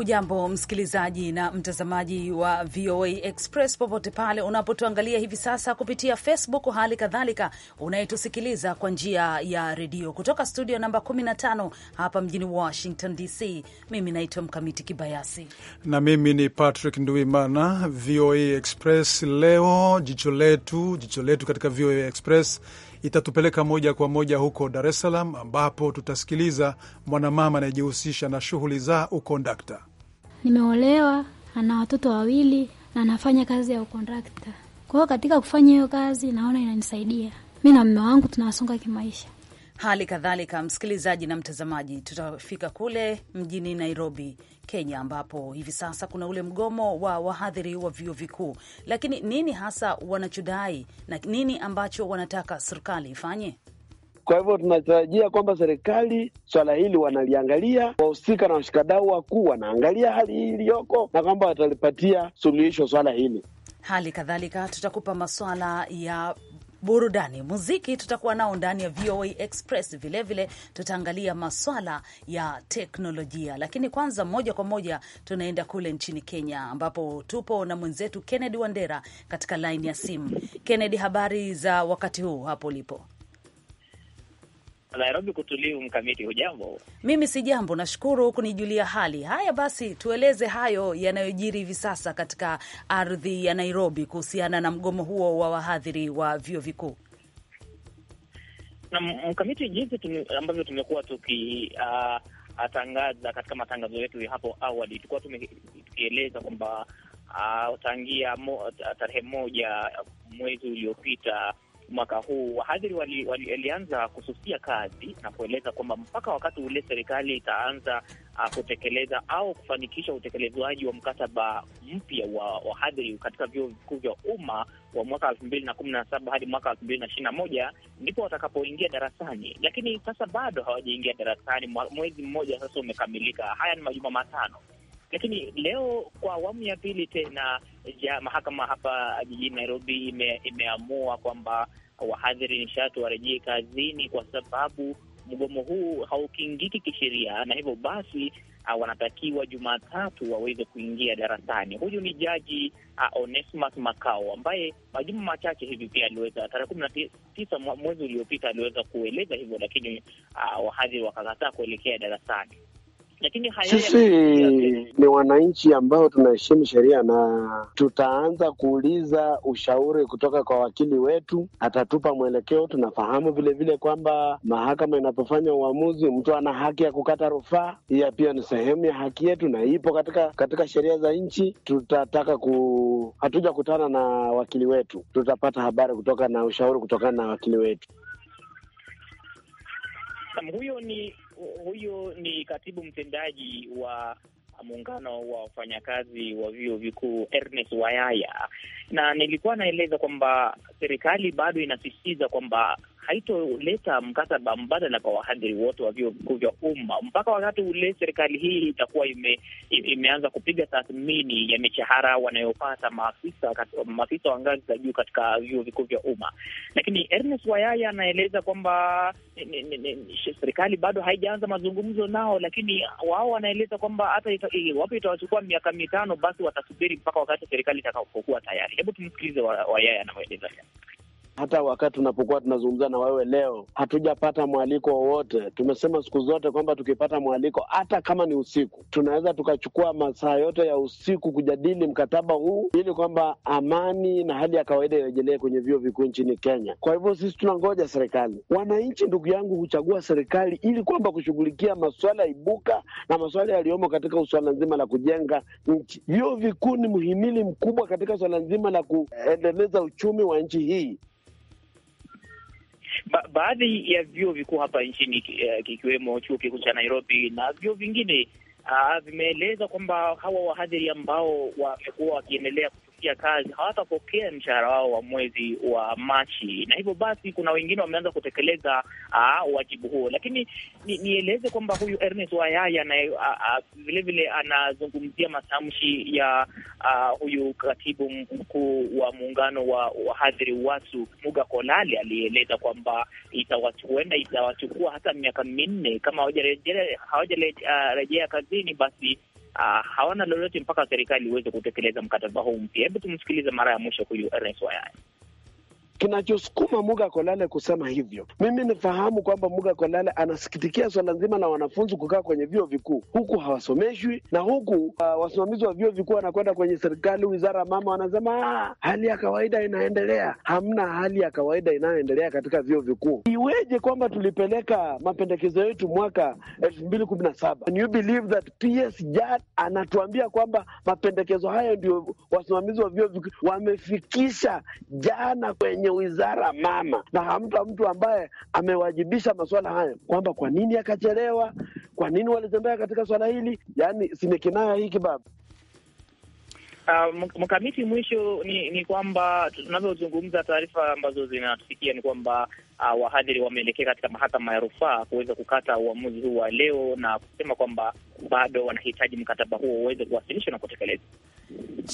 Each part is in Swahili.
Hujambo msikilizaji na mtazamaji wa VOA Express popote pale unapotuangalia hivi sasa kupitia Facebook, hali kadhalika unayetusikiliza kwa njia ya redio kutoka studio namba 15 hapa mjini Washington DC. Mimi naitwa Mkamiti Kibayasi na mimi ni Patrick Nduimana. VOA Express leo, jicho letu, jicho letu katika VOA Express itatupeleka moja kwa moja huko Dar es Salaam ambapo tutasikiliza mwanamama anayejihusisha na shughuli za ukondakta nimeolewa, ana watoto wawili na nafanya kazi ya ukondakta. Kwa hiyo katika kufanya hiyo kazi, naona inanisaidia mi na mme wangu, tunawasonga kimaisha. Hali kadhalika, msikilizaji na mtazamaji, tutafika kule mjini Nairobi, Kenya, ambapo hivi sasa kuna ule mgomo wa wahadhiri wa vyuo vikuu. Lakini nini hasa wanachodai na nini ambacho wanataka serikali ifanye? Kwa hivyo tunatarajia kwamba serikali swala hili wanaliangalia, wahusika na washikadau wakuu wanaangalia hali hii iliyoko na kwamba watalipatia suluhisho swala hili. Hali kadhalika tutakupa maswala ya burudani, muziki tutakuwa nao ndani ya VOA Express. Vilevile tutaangalia maswala ya teknolojia, lakini kwanza, moja kwa moja tunaenda kule nchini Kenya, ambapo tupo na mwenzetu Kennedy Wandera katika laini ya simu. Kennedy, habari za wakati huu hapo ulipo? Nairobi kutulivu. Mkamiti, hujambo? Mimi si jambo, nashukuru kunijulia hali. Haya basi, tueleze hayo yanayojiri hivi sasa katika ardhi ya Nairobi kuhusiana na mgomo huo wa wahadhiri wa vyuo vikuu. Na Mkamiti, jinsi tum, ambavyo tumekuwa tukitangaza uh, katika matangazo yetu ya hapo awali, tulikuwa tukieleza kwamba uh, tangia mo, tarehe moja mwezi uliopita mwaka huu wahadhiri walianza wali, kususia kazi na kueleza kwamba mpaka wakati ule serikali itaanza uh, kutekeleza au kufanikisha utekelezwaji wa mkataba mpya wa wahadhiri katika vyuo vikuu vya umma wa mwaka elfu mbili na kumi na saba hadi mwaka elfu mbili na ishirini na moja ndipo watakapoingia darasani, lakini sasa bado hawajaingia darasani. Mwezi mmoja sasa umekamilika, haya ni majuma matano lakini leo kwa awamu ya pili tena ja, mahakama hapa jijini Nairobi ime, imeamua kwamba wahadhiri nishati warejee kazini, kwa sababu mgomo huu haukingiki kisheria, na hivyo basi uh, wanatakiwa Jumatatu waweze kuingia darasani. Huyu ni jaji uh, Onesmus Makao ambaye majuma machache hivi pia aliweza, tarehe kumi na tisa mwezi uliopita, aliweza kueleza hivyo, lakini uh, wahadhiri wakakataa kuelekea darasani lakini sisi ni wananchi ambao tunaheshimu sheria na tutaanza kuuliza ushauri kutoka kwa wakili wetu, atatupa mwelekeo. Tunafahamu vilevile kwamba mahakama inapofanya uamuzi, mtu ana haki ya kukata rufaa, hiya pia ni sehemu ya haki yetu na ipo katika katika sheria za nchi. Tutataka ku hatuja kutana na wakili wetu, tutapata habari kutoka na ushauri kutokana na wakili wetu. Huyo ni huyo ni katibu mtendaji wa muungano wa wafanyakazi wa vyuo vikuu Ernest Wayaya, na nilikuwa naeleza kwamba serikali bado inasisitiza kwamba haitoleta mkataba mbadala kwa wahadhiri wote wa vyuo vikuu vya umma mpaka wakati ule serikali hii itakuwa ime, imeanza kupiga tathmini ya mishahara wanayopata maafisa maafisa wa ngazi za juu katika vyuo vikuu vya umma. Lakini Ernest Wayaya anaeleza kwamba serikali bado haijaanza mazungumzo nao, lakini wao wanaeleza kwamba hata ita, wapo itawachukua miaka mitano, basi watasubiri mpaka wakati serikali itakapokuwa tayari. Hebu tumsikilize Wayaya anaoeleza hata wakati tunapokuwa tunazungumza na wewe leo, hatujapata mwaliko wowote. Tumesema siku zote kwamba tukipata mwaliko, hata kama ni usiku, tunaweza tukachukua masaa yote ya usiku kujadili mkataba huu, ili kwamba amani na hali ya kawaida irejelee kwenye vyuo vikuu nchini Kenya. Kwa hivyo sisi tunangoja serikali. Wananchi, ndugu yangu, huchagua serikali ili kwamba kushughulikia maswala ibuka na maswala yaliyomo katika suala nzima la kujenga nchi. Vyuo vikuu ni mhimili mkubwa katika suala nzima la kuendeleza uchumi wa nchi hii. Ba baadhi ya vyuo vikuu hapa nchini eh, kikiwemo chuo kikuu cha Nairobi na vyuo vingine ah, vimeeleza kwamba hawa wahadhiri ambao wamekuwa wakiendelea kupitia kazi hawatapokea mshahara wao wa mwezi wa Machi, na hivyo basi kuna wengine wameanza kutekeleza ah, wajibu huo. Lakini nieleze ni kwamba huyu Ernest Wayaya vilevile anazungumzia matamshi ya a, huyu katibu mkuu wa muungano wa wahadhiri watu Muga Kolale alieleza kwamba huenda itawachukua hata miaka minne kama hawajarejea kazini basi uh, hawana lolote mpaka serikali iweze kutekeleza mkataba huu mpya. Hebu tumsikilize mara ya mwisho huyu Ernest Wayaya kinachosukuma Muga Kolale kusema hivyo, mimi nifahamu kwamba Muga Kolale anasikitikia swala nzima la wanafunzi kukaa kwenye vyuo vikuu, huku hawasomeshwi na huku uh, wasimamizi wa vyuo vikuu wanakwenda kwenye serikali, wizara mama, wanasema ah, hali ya kawaida inaendelea. Hamna hali ya kawaida inayoendelea katika vyuo vikuu. Iweje kwamba tulipeleka mapendekezo yetu mwaka elfu mbili kumi na saba and you believe that PS JAD anatuambia kwamba mapendekezo hayo ndio wasimamizi wa vyuo vikuu wamefikisha jana kwenye kwenye wizara mama, na hamta mtu ambaye amewajibisha masuala haya kwamba kwa nini akachelewa, kwa nini walitembea katika swala hili. Yani simekinaya hiki baba Uh, mkamiti, mwisho ni ni kwamba tunavyozungumza, taarifa ambazo zinatufikia ni kwamba uh, wahadhiri wameelekea katika mahakama ya rufaa kuweza kukata uamuzi huu wa leo na kusema kwamba bado wanahitaji mkataba huo uweze kuwasilishwa na kutekelezwa.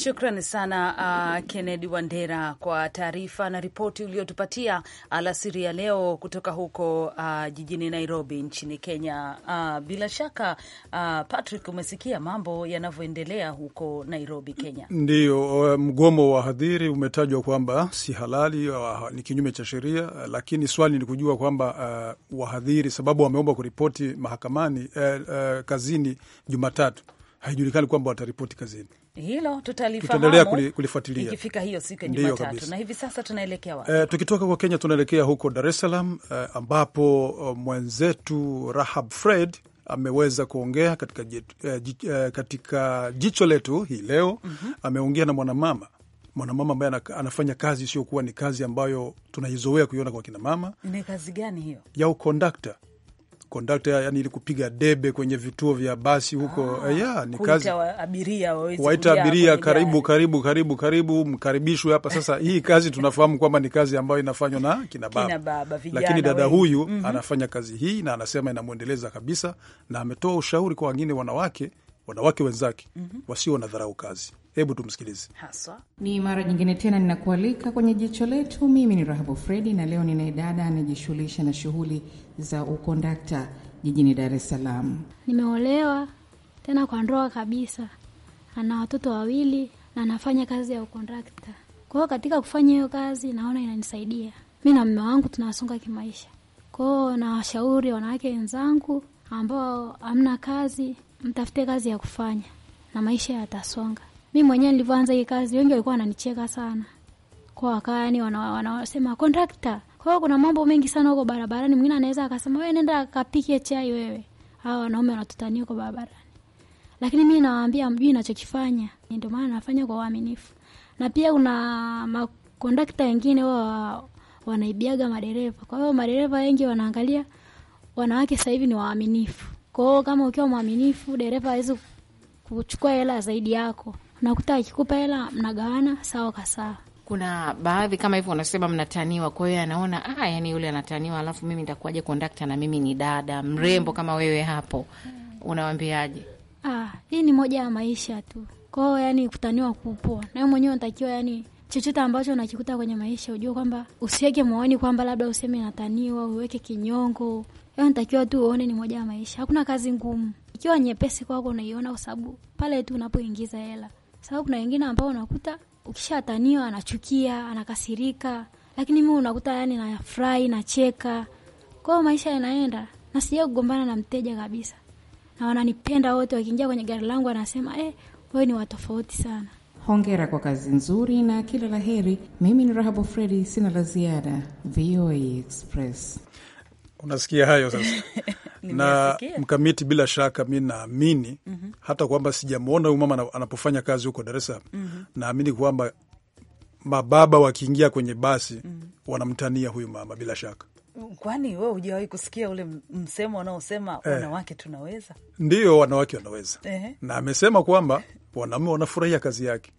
Shukrani sana uh, Kennedy Wandera kwa taarifa na ripoti uliotupatia alasiri ya leo kutoka huko uh, jijini Nairobi nchini Kenya. Uh, bila shaka uh, Patrick, umesikia mambo yanavyoendelea huko Nairobi, Kenya. Kenya. Ndiyo, uh, mgomo wa hadhiri umetajwa kwamba si halali, uh, ni kinyume cha sheria, uh, lakini swali ni kujua kwamba uh, wahadhiri sababu wameomba kuripoti mahakamani uh, uh, kazini Jumatatu haijulikani kwamba wataripoti kazini. Hilo tutaendelea kulifuatilia ikifika hiyo siku ya Jumatatu. Na hivi sasa tunaelekea wapi? Eh, tukitoka kwa Kenya tunaelekea huko Dar es Salaam eh, ambapo mwenzetu Rahab Fred ameweza kuongea katika, uh, katika jicho letu hii leo mm -hmm. ameongea na mwanamama mwanamama ambaye anafanya kazi isiyokuwa ni kazi ambayo tunaizoea kuiona kwa kinamama. Ni kazi gani hiyo ya ukondakta? kondakta, yani ilikupiga debe kwenye vituo vya basi huko. Ah, eh, yeah, ni kazi abiria waita abiria, karibu karibu karibu karibu, mkaribishwe hapa sasa. Hii kazi tunafahamu kwamba ni kazi ambayo inafanywa na kina baba, kina baba lakini dada huyu mm -hmm. anafanya kazi hii na anasema inamwendeleza kabisa, na ametoa ushauri kwa wengine wanawake wanawake wenzake mm -hmm. wasio na dharau kazi Hebu tumsikilize haswa. Ni mara nyingine tena ninakualika kwenye jicho letu. Mimi ni Rahabu Fredi na leo ninaye dada anajishughulisha na shughuli za ukondakta jijini Dar es Salaam. Nimeolewa tena kwa ndoa kabisa, ana watoto wawili na anafanya kazi ya ukondakta. Kwa hiyo katika kufanya hiyo kazi, naona inanisaidia mi na mme wangu, tunawasonga kimaisha. Kwa nawashauri wanawake wenzangu ambao hamna kazi, mtafute kazi ya kufanya na maisha yatasonga mi mwenyewe nilivyoanza hii kazi, wengi walikuwa wananicheka sana kwa wakani, wanasema kondakta. Kwa hiyo kuna mambo mengi sana huko barabarani, mwingine anaweza akasema we nenda kapike chai wewe, hawa wanaume wanatutania huko barabarani, lakini mi nawaambia mjui nachokifanya, ndio maana nafanya kwa uaminifu. Na pia kuna makondakta wengine wa wanaibiaga madereva, kwa hiyo madereva wengi wanaangalia wanawake sasa hivi ni waaminifu. Kwa hiyo kama ukiwa mwaminifu, dereva hawezi kuchukua hela zaidi yako unakuta akikupa hela mnagawana sawa kwa sawa. Kuna baadhi kama hivyo unasema mnataniwa, kwa hiyo anaona ah, yani yule anataniwa, alafu mimi nitakuwaje kondakta na mimi ni dada mrembo kama wewe hapo, unawambiaje? Ah, hii ni moja ya maisha tu. kwao, yani kutaniwa kupo na wewe mwenyewe unatakiwa yani chochote ambacho unakikuta kwenye maisha ujue kwamba usiweke moyoni kwamba labda useme nataniwa, uweke kinyongo. Yaani unatakiwa tu uone ni moja ya maisha. Hakuna kazi ngumu. Ikiwa nyepesi kwako unaiona kwa sababu pale tu unapoingiza hela sababu kuna wengine ambao unakuta ukishataniwa anachukia, anakasirika, lakini mimi unakuta yani nafurahi, nacheka, kwao maisha yanaenda, na sija kugombana na mteja kabisa, na wananipenda wote. Wakiingia kwenye gari langu anasema eh, wewe ni watofauti sana. Hongera kwa kazi nzuri na kila la heri. Mimi ni Rahabu Fredi, sina la ziada. VOA Express. Unasikia hayo sasa? na mkamiti, bila shaka mi naamini mm -hmm. hata kwamba sijamwona huyu mama anapofanya kazi huko Dar es Salaam mm -hmm. naamini kwamba mababa wakiingia kwenye basi mm -hmm. wanamtania huyu mama bila shaka. Kwani we hujawahi kusikia ule msemo wanaosema eh, wanawake tunaweza? Ndiyo, wanawake wanaweza eh. na amesema kwamba wanaume wanafurahia kazi yake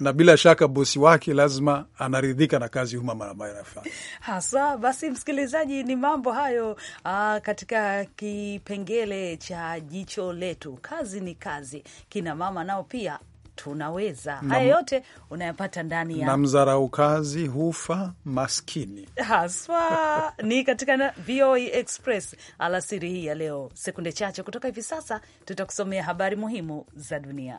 na bila shaka bosi wake lazima anaridhika na kazi huma ambayo anafanya hasa. Basi msikilizaji, ni mambo hayo aa, ah, katika kipengele cha jicho letu. Kazi ni kazi, kina mama nao pia tunaweza haya yote unayapata ndani ya na mzarau kazi hufa maskini haswa. Ni katika VOA e Express alasiri hii ya leo. Sekunde chache kutoka hivi sasa, tutakusomea habari muhimu za dunia.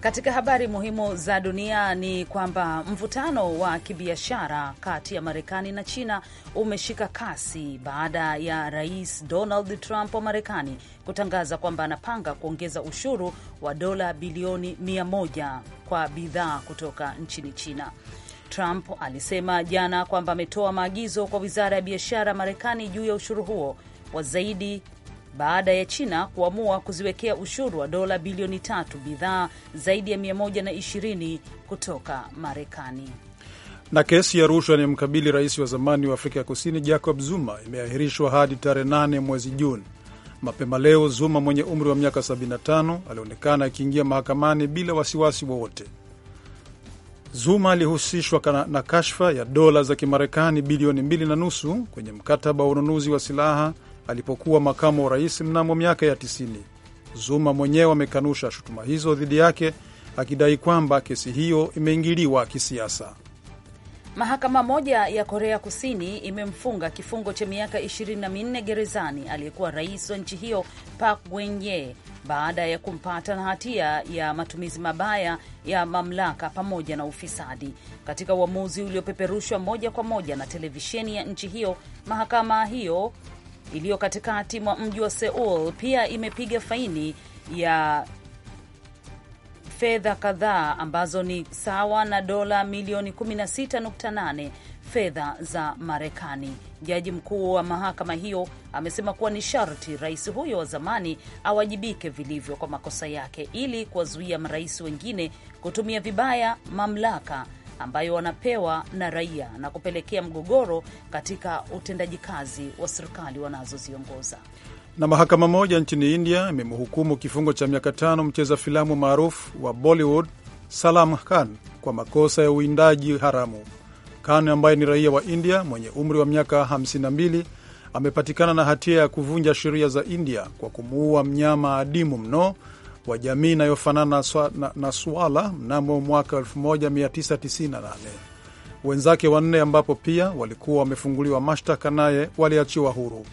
Katika habari muhimu za dunia ni kwamba mvutano wa kibiashara kati ya Marekani na China umeshika kasi baada ya Rais Donald Trump wa Marekani kutangaza kwamba anapanga kuongeza ushuru wa dola bilioni 100 kwa bidhaa kutoka nchini China. Trump alisema jana kwamba ametoa maagizo kwa Wizara ya Biashara Marekani juu ya ushuru huo wa zaidi baada ya China kuamua kuziwekea ushuru wa dola bilioni tatu bidhaa zaidi ya 120 kutoka Marekani. Na kesi ya rushwa inayomkabili rais wa zamani wa Afrika ya Kusini Jacob Zuma imeahirishwa hadi tarehe 8 mwezi Juni. Mapema leo Zuma mwenye umri wa miaka 75 alionekana akiingia mahakamani bila wasiwasi wowote. Zuma alihusishwa na kashfa ya dola za Kimarekani bilioni mbili na nusu kwenye mkataba wa ununuzi wa silaha alipokuwa makamu wa rais mnamo miaka ya 90. Zuma mwenyewe amekanusha shutuma hizo dhidi yake akidai kwamba kesi hiyo imeingiliwa kisiasa. Mahakama moja ya Korea Kusini imemfunga kifungo cha miaka 24 gerezani aliyekuwa rais wa nchi hiyo Park Geun-hye baada ya kumpata na hatia ya matumizi mabaya ya mamlaka pamoja na ufisadi. Katika uamuzi uliopeperushwa moja kwa moja na televisheni ya nchi hiyo, mahakama hiyo iliyo katikati mwa mji wa Seoul pia imepiga faini ya fedha kadhaa ambazo ni sawa na dola milioni 16.8 fedha za Marekani. Jaji mkuu wa mahakama hiyo amesema kuwa ni sharti rais huyo wa zamani awajibike vilivyo kwa makosa yake ili kuwazuia marais wengine kutumia vibaya mamlaka ambayo wanapewa na raia na kupelekea mgogoro katika utendaji kazi wa serikali wanazoziongoza. Na mahakama moja nchini India imemhukumu kifungo cha miaka tano mcheza filamu maarufu wa Bollywood Salam Khan kwa makosa ya uindaji haramu. Khan ambaye ni raia wa India mwenye umri wa miaka 52 amepatikana na hatia ya kuvunja sheria za India kwa kumuua mnyama adimu mno wa jamii inayofanana na, swala mnamo mwaka 1998. Wenzake wanne ambapo pia walikuwa wamefunguliwa mashtaka naye waliachiwa huru.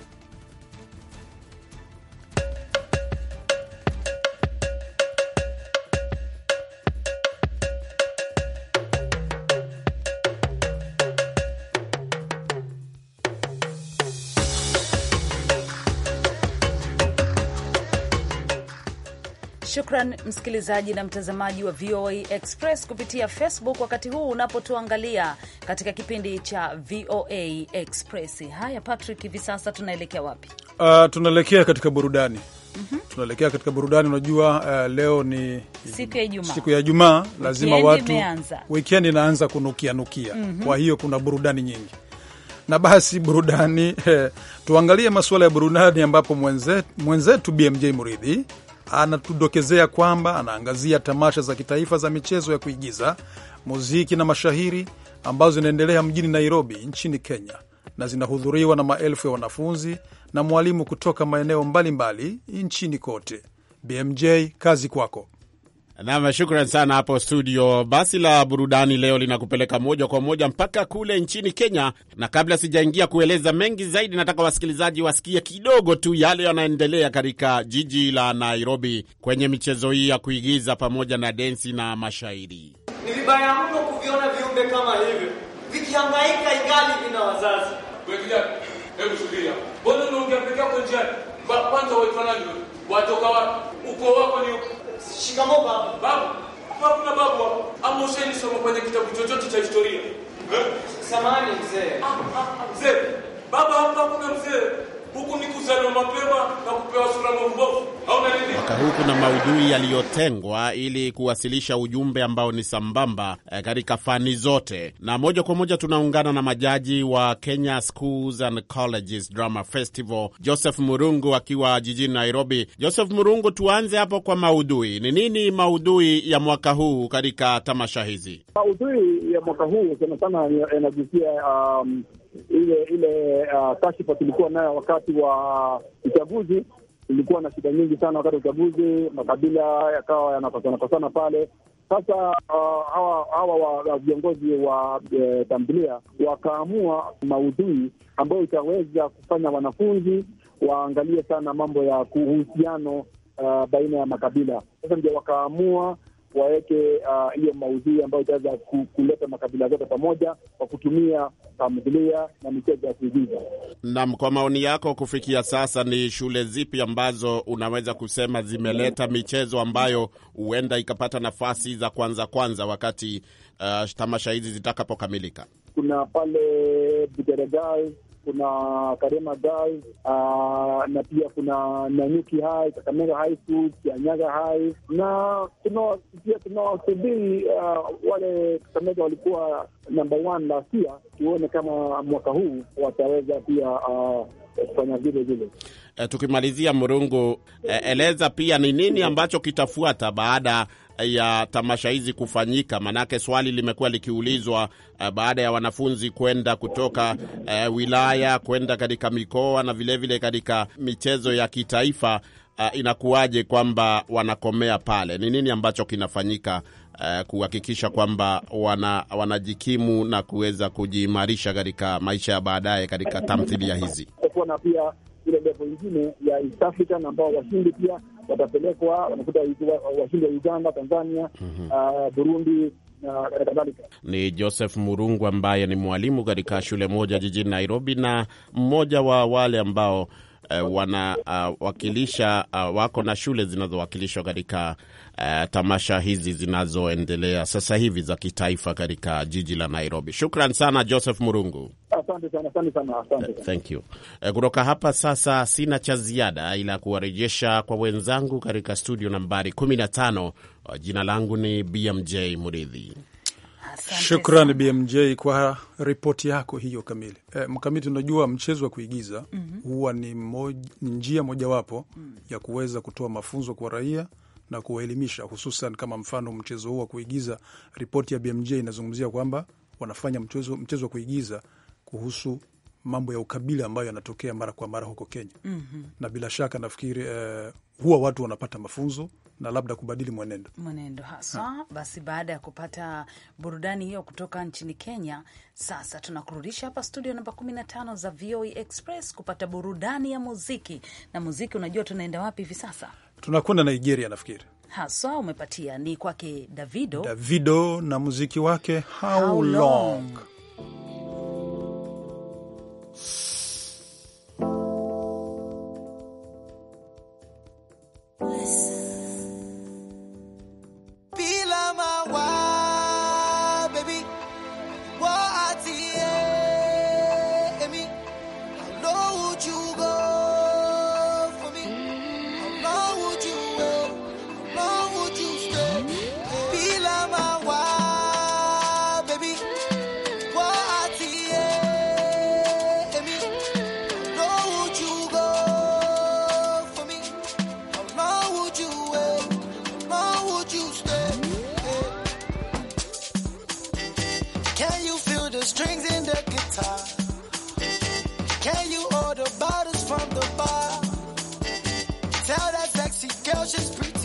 Shukran msikilizaji na mtazamaji wa VOA Express kupitia Facebook wakati huu unapotuangalia katika kipindi cha VOA Express. Haya Patrick, hivi sasa tunaelekea wapi? Uh, tunaelekea katika burudani. Mm -hmm. Tunaelekea katika burudani. Unajua, uh, leo ni siku ya Ijumaa, lazima watu, wikendi inaanza kunukianukia. Mm -hmm. Kwa hiyo kuna burudani nyingi na basi burudani eh, tuangalie masuala ya burudani ambapo mwenzetu mwenze BMJ Muridhi anatudokezea kwamba anaangazia tamasha za kitaifa za michezo ya kuigiza, muziki na mashahiri ambazo zinaendelea mjini Nairobi nchini Kenya na zinahudhuriwa na maelfu ya wanafunzi na mwalimu kutoka maeneo mbalimbali mbali nchini kote. BMJ, kazi kwako. Nam, shukran sana hapo studio. Basi la burudani leo linakupeleka moja kwa moja mpaka kule nchini Kenya, na kabla sijaingia kueleza mengi zaidi, nataka wasikilizaji wasikie kidogo tu yale yanaendelea katika jiji la Nairobi kwenye michezo hii ya kuigiza pamoja na densi na mashairi. Ni vibaya mno kuviona viumbe kama hivyo vikihangaika vina wazazi. hebu mbona unaongea yako njiani? Kwanza waitwa nani? Watoka wapi? Ukoo wako ni Shikamoo baba. Babu. Hakuna babu hapo. Ama ushaisoma kwenye kitabu chochote cha historia? Eh? Samahani mzee. Ah, ah, mzee. Baba hapa hakuna mzee huku ni kuzaliwa mapema na kupewa sura au na nini? Mwaka huu kuna maudhui yaliyotengwa ili kuwasilisha ujumbe ambao ni sambamba eh, katika fani zote, na moja kwa moja tunaungana na majaji wa Kenya Schools and Colleges Drama Festival, Joseph Murungu akiwa jijini Nairobi. Joseph Murungu, tuanze hapo kwa maudhui. Ni nini maudhui ya mwaka huu katika tamasha hizi? Maudhui ya mwaka huu sana sana yanaguzia um ile ile uh, kashifa tulikuwa nayo wakati wa uchaguzi ilikuwa na shida nyingi sana wakati wa uchaguzi, makabila yakawa yanakosanakosana pale. Sasa uh, hawa uh, wa viongozi wa eh, wakaamua maudhui ambayo itaweza kufanya wanafunzi waangalie sana mambo ya uhusiano uh, baina ya makabila. Sasa ndio wakaamua waweke uh, hiyo uh, maudhui ambayo itaweza kuleta makabila zote pamoja kwa kutumia tamthilia um, na michezo ya kuigiza. Naam, kwa maoni yako, kufikia sasa ni shule zipi ambazo unaweza kusema zimeleta michezo ambayo huenda ikapata nafasi za kwanza kwanza wakati uh, tamasha hizi zitakapokamilika? Kuna pale Buterega kuna Karema Girls uh, na pia kuna Nanyuki High, Kakamega High School, Kianyaga High na tuna, pia tunawasubiri uh, ah, wale Kakamega walikuwa namba one last year, tuone kama mwaka huu wataweza pia uh, kufanya vile vile. Eh, tukimalizia Murungu, eh, eleza pia ni nini ambacho kitafuata baada ya tamasha hizi kufanyika, maanake swali limekuwa likiulizwa eh, baada ya wanafunzi kwenda kutoka wilaya kwenda katika mikoa na vilevile katika michezo ya kitaifa uh, inakuwaje kwamba wanakomea pale? Ni nini ambacho kinafanyika kuhakikisha kwamba wana, wanajikimu na kuweza kujiimarisha katika maisha ya baadaye katika tamthilia hizi? pia ile levo ingine ya East African ambao washindi pia watapelekwa, wanakuta washindi wa Uganda, Tanzania, mm -hmm. uh, Burundi Ni Joseph Murungu ambaye ni mwalimu katika shule moja jijini Nairobi na mmoja wa wale ambao Uh, eh, wanawakilisha ah, uh, ah, uh, wako na shule zinazowakilishwa katika uh, tamasha hizi zinazoendelea sasa hivi za kitaifa katika jiji la Nairobi. Shukran sana Joseph Murungu. Asante sana, asante sana, asante sana. Thank you. Eh, kutoka hapa sasa sina cha ziada ila kuwarejesha kwa wenzangu katika studio nambari 15. Jina langu ni BMJ Muridhi. Shukran BMJ kwa ripoti yako hiyo kamili. E, mkamiti, unajua mchezo wa kuigiza mm -hmm. huwa ni moj, njia mojawapo mm -hmm. ya kuweza kutoa mafunzo kwa raia na kuwaelimisha, hususan kama mfano mchezo huu wa kuigiza. Ripoti ya BMJ inazungumzia kwamba wanafanya mchezo wa kuigiza kuhusu mambo ya ukabila ambayo yanatokea mara kwa mara huko Kenya. mm -hmm. Na bila shaka nafikiri uh, huwa watu wanapata mafunzo na labda kubadili mwenendo mwenendo haswa ha. Basi baada ya kupata burudani hiyo kutoka nchini Kenya, sasa tunakurudisha hapa studio namba 15 za VOA e Express kupata burudani ya muziki. Na muziki, unajua tunaenda wapi hivi sasa? Tunakwenda Nigeria nafikiri haswa. Umepatia ni kwake Davido, Davido na muziki wake How, How long, long. Yeah. Can you feel the strings in the guitar? Can you order bottles from the bar? Tell that sexy girl she's pretty.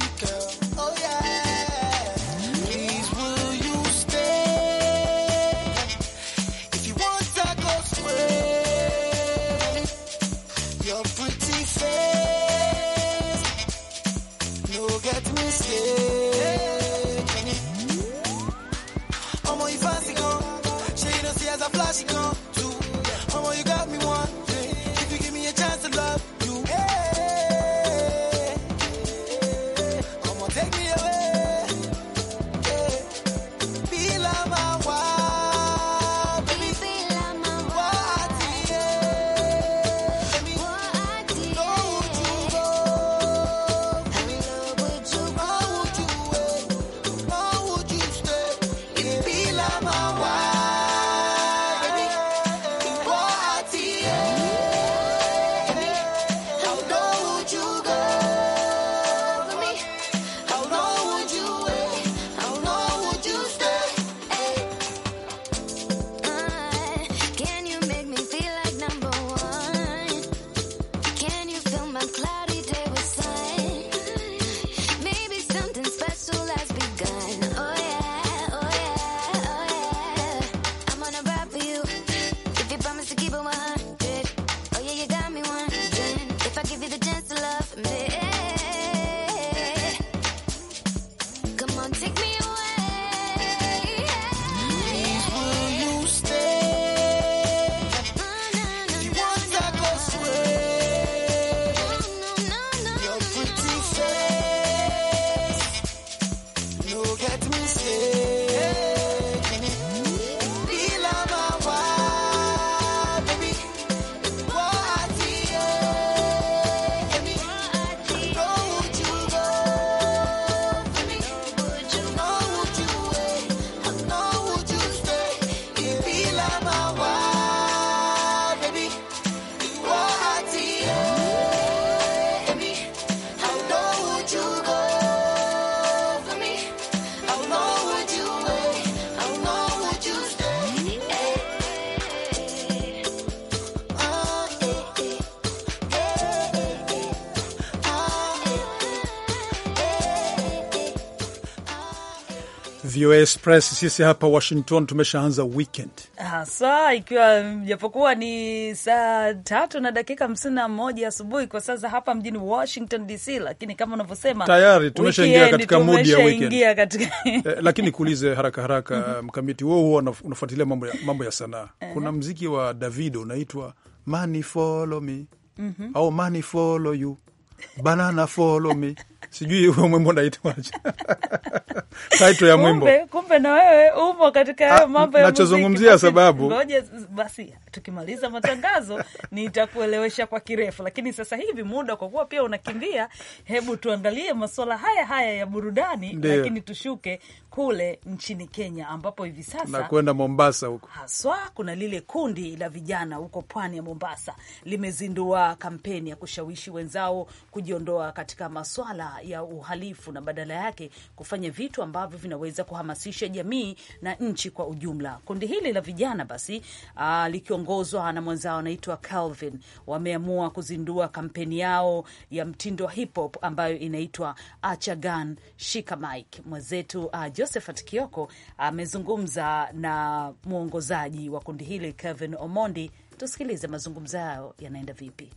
my wife. VOA Express. Sisi hapa Washington tumeshaanza weekend hasa, ikiwa japokuwa ni saa tatu na dakika hamsini na moja asubuhi kwa sasa hapa mjini Washington DC, lakini kama unavyosema tayari tumeshaingia katika modi ya weekend katika... Eh, lakini kuulize haraka haraka mhm. mkamiti huo huo unafuatilia mambo ya, mambo ya sanaa. Eh. Kuna mziki wa Davido unaitwa Money Follow Me mhm. au Money Follow You, Banana Follow Me sijui huo mwimbo unaitwaje? Taito ya mwimbo. Kumbe, kumbe na wewe umo katika ah, hayo mambo ya nachozungumzia, sababu ngoja basi tukimaliza matangazo nitakuelewesha kwa kirefu, lakini sasa hivi muda kwa kuwa pia unakimbia, hebu tuangalie masuala haya haya ya burudani Deo. Lakini tushuke kule nchini Kenya ambapo hivi sasa na Mombasa huko haswa kuna lile kundi la vijana huko pwani ya Mombasa limezindua kampeni ya kushawishi wenzao kujiondoa katika maswala ya uhalifu na badala yake kufanya vitu ambavyo vinaweza kuhamasisha jamii na nchi kwa ujumla. Kundi hili la vijana basi, uh, likiongozwa na mwenzao anaitwa Calvin, wameamua kuzindua kampeni yao ya mtindo wa hip hop ambayo inaitwa acha gun shika Mwenzetu uh, Josephat Kioko amezungumza uh, na mwongozaji wa kundi hili Kevin Omondi. Tusikilize mazungumzo yao yanaenda vipi.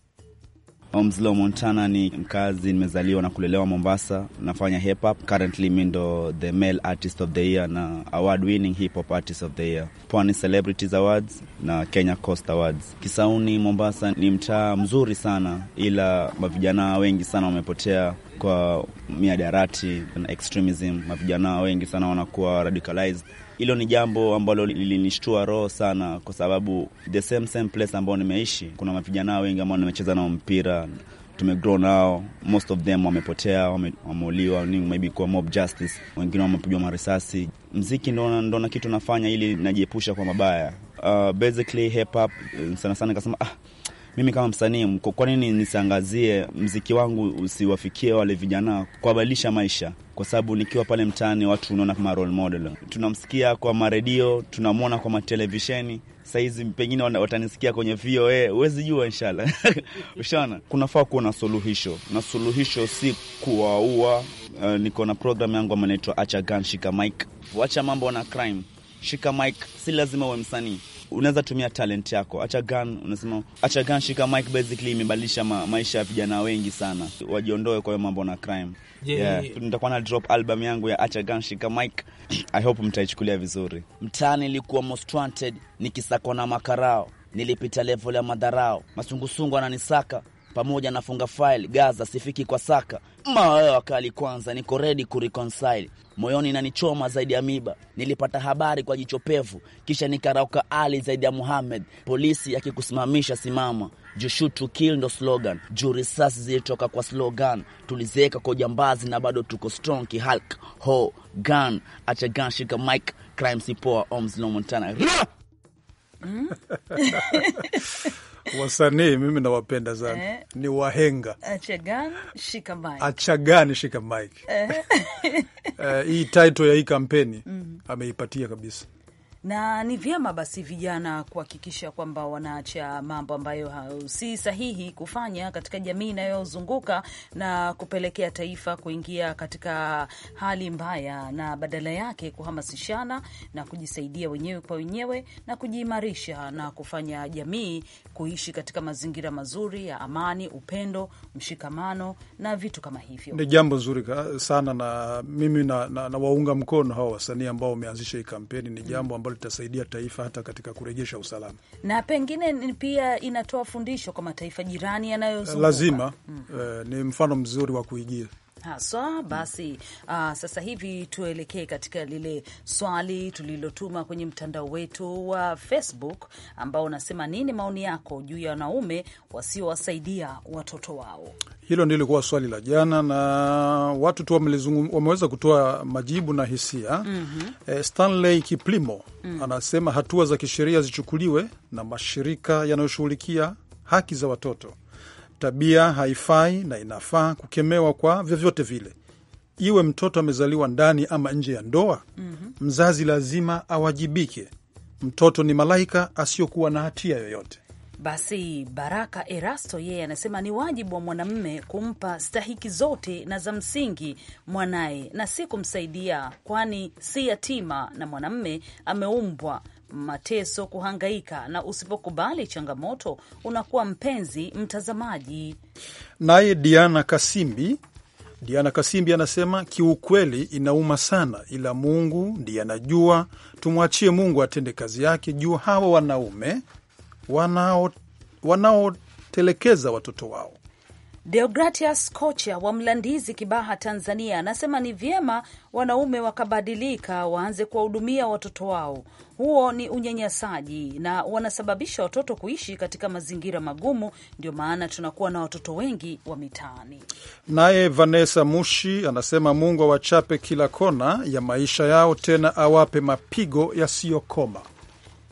Omslow Montana ni mkazi, nimezaliwa na kulelewa Mombasa. Nafanya hip hop currently, mi ndo the male artist of the year na award winning hip hop artist of the year, Pwani Celebrities Awards na Kenya Coast Awards. Kisauni Mombasa ni mtaa mzuri sana, ila mavijana wengi sana wamepotea kwa miadarati na extremism. Mavijana wengi sana wanakuwa radicalized hilo ni jambo ambalo lilinishtua roho sana, kwa sababu the same same place ambao nimeishi, kuna mapijana wengi ambao nimecheza nao mpira tumegrow nao, most of them wamepotea, wameuliwa, maybe kwa mob justice, wengine wamepigwa marisasi. Mziki ndo na kitu nafanya ili najiepusha kwa mabaya. Uh, basically hip hop sana sana, kasema ah mimi kama msanii, kwa nini nisiangazie mziki wangu usiwafikie wale vijana, kuwabadilisha maisha? Kwa sababu nikiwa pale mtaani, watu unaona kama role model, tunamsikia kwa maredio, tunamwona kwa matelevisheni sahizi pengine watanisikia kwenye VOA, huwezi jua, inshallah Ushaona, Kunafaa kuwa na suluhisho, na suluhisho si kuwaua. Uh, niko na programu yangu ambayo inaitwa acha ganshika mike, wacha mambo na crime shika mic, si lazima uwe msanii unaweza tumia talent yako. Acha gan, unasema acha gan, shika mic, basically imebadilisha ma, maisha ya vijana wengi sana, wajiondoe kwa hiyo mambo na crime. Yeah, nitakuwa na drop album yangu ya acha Gun shika mic. I hope mtaichukulia vizuri. Mtaani nilikuwa most wanted, nikisakwa na makarao, nilipita level ya madharao, masungusungu ananisaka pamoja na funga file Gaza sifiki kwa saka mawayo wakali kwanza, niko redi kureconcile moyoni inanichoma zaidi ya miba. Nilipata habari kwa jicho pevu, kisha nikarauka Ali zaidi ya muhammed Polisi akikusimamisha simama, jushu to kill ndo slogan, juu risasi zilitoka kwa slogan. Tulizeeka kwa ujambazi na bado tuko strong kihalk ho gun acha gun shika mike crime sipoa omslo Montana hmm? wasanii mimi nawapenda sana eh, ni wahenga. Achagani shika mike, eh. eh, hii title ya hii kampeni mm -hmm. ameipatia kabisa na ni vyema basi vijana kuhakikisha kwamba wanaacha mambo ambayo si sahihi kufanya katika jamii inayozunguka na kupelekea taifa kuingia katika hali mbaya, na badala yake kuhamasishana na kujisaidia wenyewe kwa wenyewe na kujiimarisha na kufanya jamii kuishi katika mazingira mazuri ya amani, upendo, mshikamano na vitu kama hivyo. Ni jambo zuri sana, na mimi nawaunga na, na mkono hawa wasanii ambao wameanzisha hii kampeni. Ni jambo mm. ambalo litasaidia taifa hata katika kurejesha usalama, na pengine pia inatoa fundisho kwa mataifa jirani yanayozunguka lazima. Hmm. Eh, ni mfano mzuri wa kuigia haswa. Basi Uh, sasa hivi tuelekee katika lile swali tulilotuma kwenye mtandao wetu wa Facebook ambao unasema nini maoni yako juu ya wanaume wasiowasaidia watoto wao? Hilo ndilikuwa swali la jana na watu tu wameweza kutoa majibu na hisia. mm -hmm. Stanley Kiplimo mm -hmm. anasema hatua za kisheria zichukuliwe na mashirika yanayoshughulikia haki za watoto tabia haifai na inafaa kukemewa kwa vyovyote vile, iwe mtoto amezaliwa ndani ama nje ya ndoa. mm -hmm. Mzazi lazima awajibike. Mtoto ni malaika asiyokuwa na hatia yoyote. Basi Baraka Erasto yeye anasema ni wajibu wa mwanamume kumpa stahiki zote na za msingi mwanaye na si kumsaidia, kwani si yatima na mwanamume ameumbwa mateso, kuhangaika, na usipokubali changamoto unakuwa mpenzi mtazamaji. Naye Diana Kasimbi Diana Kasimbi anasema kiukweli, inauma sana, ila Mungu ndiye anajua. Tumwachie Mungu atende kazi yake juu hawa wanaume wanaotelekeza wanao watoto wao. Deogratias Kocha wa Mlandizi, Kibaha, Tanzania, anasema ni vyema wanaume wakabadilika, waanze kuwahudumia watoto wao. Huo ni unyanyasaji na wanasababisha watoto kuishi katika mazingira magumu, ndio maana tunakuwa na watoto wengi wa mitaani. Naye Vanessa Mushi anasema Mungu awachape kila kona ya maisha yao, tena awape mapigo yasiyokoma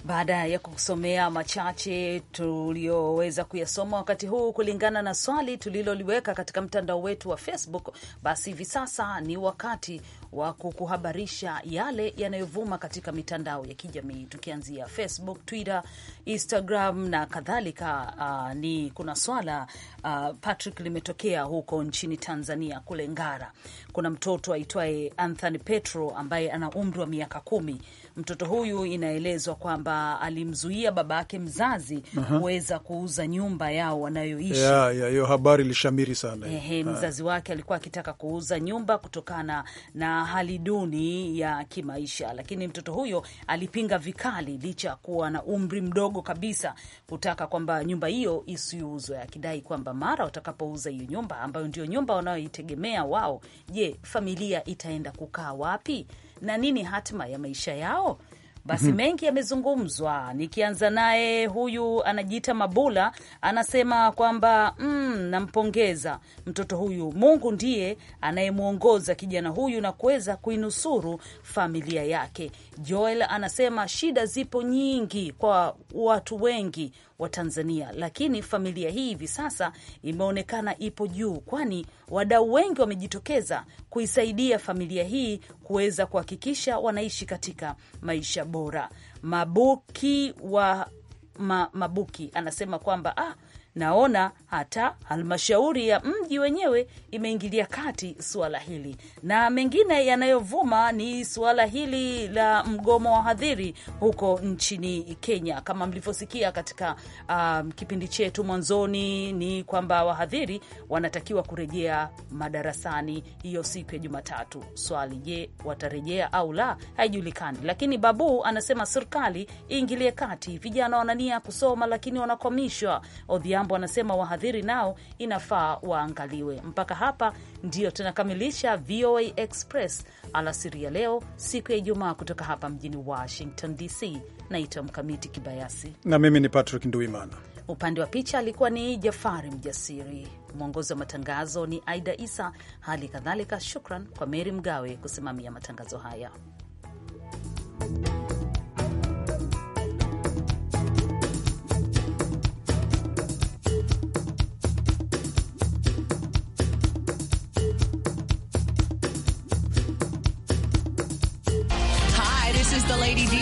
baada ya kusomea machache tuliyoweza kuyasoma wakati huu kulingana na swali tuliloliweka katika mtandao wetu wa Facebook, basi hivi sasa ni wakati wa kukuhabarisha yale yanayovuma katika mitandao ya kijamii tukianzia Facebook, Twitter, Instagram na kadhalika. Uh, ni kuna swala uh, Patrick limetokea huko nchini Tanzania kule Ngara kuna mtoto aitwaye Anthony Petro ambaye ana umri wa miaka kumi. Mtoto huyu inaelezwa kwamba alimzuia baba yake mzazi kuweza kuuza nyumba yao wanayoishi. Yeah, yeah, habari ilishamiri sana. Ehe, ah. mzazi wake alikuwa akitaka kuuza nyumba kutokana na hali duni ya kimaisha, lakini mtoto huyo alipinga vikali, licha ya kuwa na umri mdogo kabisa, kutaka kwamba nyumba hiyo isiuzwe, akidai kwamba mara watakapouza hiyo nyumba ambayo ndio nyumba wanayoitegemea wao, je je, familia itaenda kukaa wapi na nini hatma ya maisha yao? Basi mhm. mengi yamezungumzwa, nikianza naye huyu anajiita Mabula, anasema kwamba mm, nampongeza mtoto huyu. Mungu ndiye anayemwongoza kijana huyu na kuweza kuinusuru familia yake. Joel anasema shida zipo nyingi kwa watu wengi wa Tanzania, lakini familia hii hivi sasa imeonekana ipo juu, kwani wadau wengi wamejitokeza kuisaidia familia hii kuweza kuhakikisha wanaishi katika maisha bora. Mabuki wa Ma, Mabuki anasema kwamba ah, naona hata halmashauri ya mji wenyewe imeingilia kati suala hili, na mengine yanayovuma ni suala hili la mgomo wa hadhiri huko nchini Kenya. Kama mlivyosikia katika um, kipindi chetu mwanzoni, ni kwamba wahadhiri wanatakiwa kurejea madarasani hiyo siku ya Jumatatu. Swali, je, watarejea au la? Haijulikani, lakini Babu anasema serikali iingilie kati. Vijana wanania kusoma, lakini wanakwamishwa. Odhiambo mambo anasema wahadhiri nao inafaa waangaliwe. Mpaka hapa ndio tunakamilisha VOA Express alasiri ya leo, siku ya Ijumaa, kutoka hapa mjini Washington DC. Naitwa Mkamiti Kibayasi na mimi ni Patrick Nduimana. Upande wa picha alikuwa ni Jafari Mjasiri, mwongozi wa matangazo ni Aida Isa. Hali kadhalika, shukran kwa Meri Mgawe kusimamia matangazo haya.